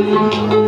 Thank you.